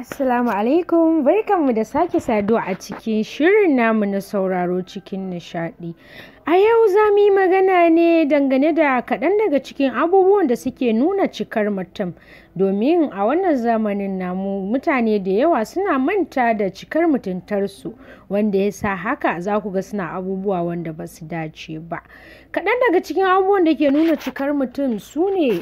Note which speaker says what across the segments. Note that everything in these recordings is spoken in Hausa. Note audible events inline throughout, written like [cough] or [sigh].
Speaker 1: Assalamu alaikum barkanmu da sake Sado a cikin shirin namu na sauraro cikin nishaɗi. A yau za mu yi magana ne dangane da kaɗan daga cikin abubuwan da suke nuna cikar mutum. Domin a wannan zamanin namu mutane da yawa suna manta da cikar mutuntarsu wanda ya sa haka za ku ga suna abubuwa wanda ba su dace ba. Kaɗan daga cikin abubuwan da ke nuna cikar mutum su ne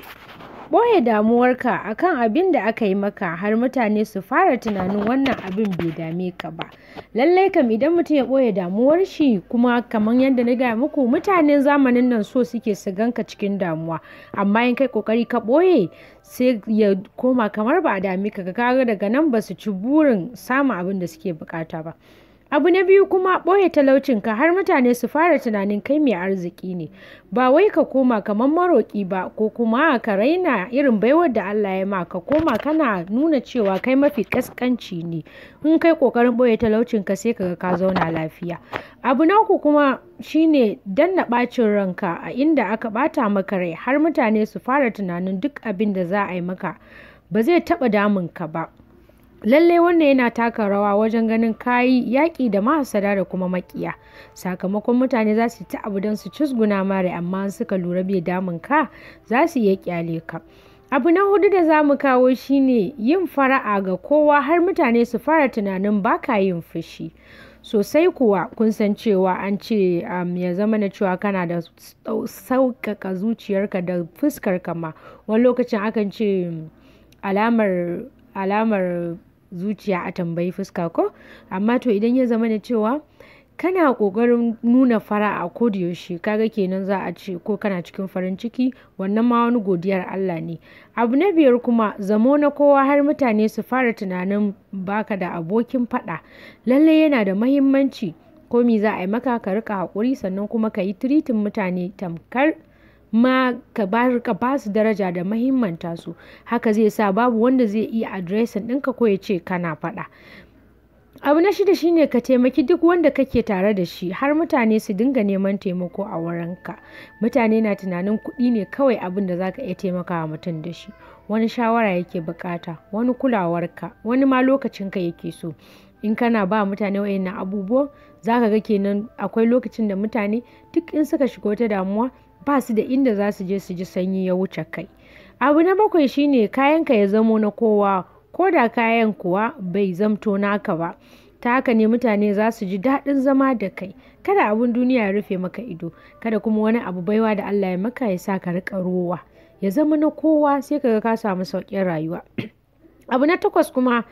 Speaker 1: ɓoye damuwarka akan abin da aka yi maka har mutane su fara tunanin wannan abin bai dame ka ba lallai kam idan mutum ya ɓoye damuwar shi kuma kamar yadda na gaya muku mutanen zamanin nan so suke su ganka cikin damuwa amma in kai kokari ka ɓoye sai ya koma kamar ba a dame ka kaga daga nan ba su ci burin samun abin da suke bukata ba Abu na biyu kuma ɓoye talaucinka har mutane su fara tunanin kai mai arziki ne, ba wai ka koma kamar maroƙi ba ko kuma ka raina irin baiwar da Allah ya ma ka koma kana nuna cewa kai mafi ƙasƙanci ne. In kai ƙoƙarin ɓoye talaucinka sai ka ka zauna lafiya. Abu na uku kuma shine danna ɓacin ranka a inda aka ɓata maka rai har mutane su fara tunanin duk abin da za a yi maka ba zai taɓa damun ka ba. lallai wannan yana taka rawa wajen ganin kayi yaƙi da mahasada da kuma maƙiya sakamakon mutane za su ta abu don su cizguna mare amma suka lura bai damun ka za su iya ƙyale ka abu na hudu da za mu kawo shine yin fara'a ga kowa har mutane su fara tunanin baka yin fushi sosai kuwa kun san cewa an ce um, ya zama na cewa kana da sauƙaƙa zuciyarka da fuskar kama wani lokacin akan ce hmm, alamar zuciya a tambayi fuska ko amma to idan ya zama da cewa kana ƙoƙarin nuna fara'a ko da yaushe kaga kenan za a ce ko kana cikin farin ciki wannan ma wani godiyar Allah ne abu na biyar kuma zamo na kowa har mutane su fara tunanin baka da abokin fada lallai yana da mahimmanci komi za a yi maka ka rika haƙuri sannan kuma ka yi tiritin mutane tamkar ma ka ba su daraja da mahimmanta su haka zai sa babu wanda zai iya adiresin ɗinka ko ya ce kana faɗa abu na shida shine ka taimaki duk wanda kake tare da shi har mutane su dinga neman taimako a wurinka mutane na tunanin kuɗi ne kawai abin da zaka iya taimakawa mutum da shi wani shawara yake bukata wani kulawarka wani ma lokacinka yake so in kana ba mutane wayannan abubuwan zaka ga kenan akwai lokacin da mutane duk in suka shiga wata damuwa ba su da inda za su je su ji sanyi ya wuce kai abu na bakwai shine kayanka ya zamo na kowa ko da kayan kuwa bai zamto naka ba ta haka ne mutane za su ji daɗin zama da kai kada abun duniya ya rufe maka ido kada kuma wani abu baiwa da Allah ya maka ya sa ka rika rowa ya zama na kowa sai ka ga ka samu sauƙin rayuwa [clears throat] abu na takwas kuma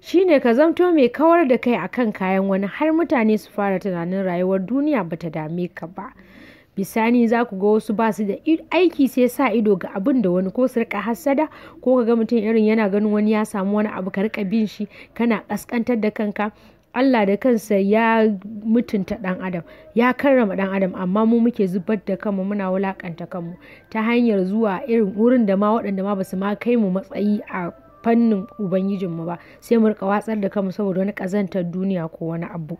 Speaker 1: shine ka zamto mai kawar da kai akan kayan wani har mutane su fara tunanin rayuwar duniya bata dame ka ba bisani za ku ga wasu ba su da aiki sai sa ido ga abin da wani ko su rika hasada ko ka ga mutum irin yana ganin wani ya samu wani abu ka rika bin shi kana kaskantar da kanka Allah da kansa ya mutunta dan adam ya karrama dan adam amma mu muke zubar da kanmu muna wulakanta kanmu ta hanyar zuwa irin wurin da ma waɗanda ma basu ma kai mu matsayi a fannin ubangijinmu ba sai mu rika watsar da kanmu saboda wani kazantar duniya ko wani abu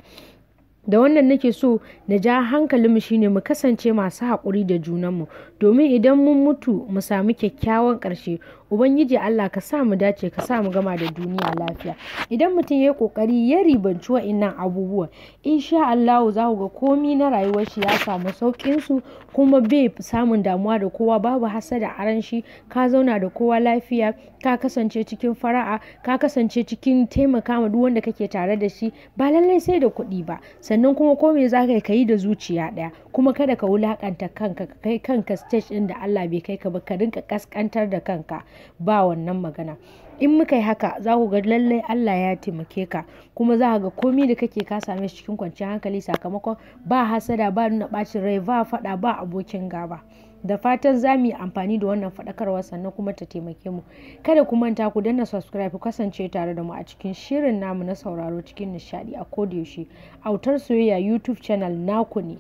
Speaker 1: da wannan nake so na ja hankalinmu shine mu kasance masu haƙuri da junanmu domin idan mun mutu mu sami kyakkyawan ƙarshe ubangiji allah ka sa mu dace ka sa mu gama da duniya lafiya idan mutum ya yi ƙoƙari ya ribanci wa'innan in insha allahu za ku ga komi na rayuwar shi ya samu sauƙin su kuma bai samun damuwa da kowa babu hasada a aran shi ka zauna da kowa lafiya ka kasance cikin fara'a ka kasance cikin taimaka ma duk wanda kake tare da shi ba lallai sai da kuɗi ba sannan kuma ko me za ka yi da zuciya ɗaya kuma kada ka wulakanta kanka ka kai kanka stage ɗin da Allah bai kai ka ba ka rinka kaskantar da kanka ba wannan magana in muka yi haka za ku ga lallai Allah ya taimake ka kuma za ka ga komi da kake ka same shi cikin kwanciyar hankali sakamakon ba hasada ba nuna ɓacin rai ba faɗa ba abokin gaba. da fatan za mu yi amfani da wannan faɗakarwa sannan kuma ta taimake mu kada ku manta ku danna subscribe ku kasance tare da mu a cikin shirin namu na sauraro cikin nishadi a yaushe autar soyayya youtube channel naku ne